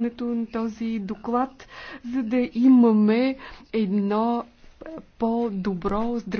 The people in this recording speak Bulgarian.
на този доклад, за да имаме едно по-добро здравеопазване.